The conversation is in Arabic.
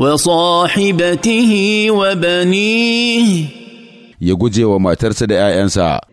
وصاحبته وبنيه يجوزي وما ترسل آيانسا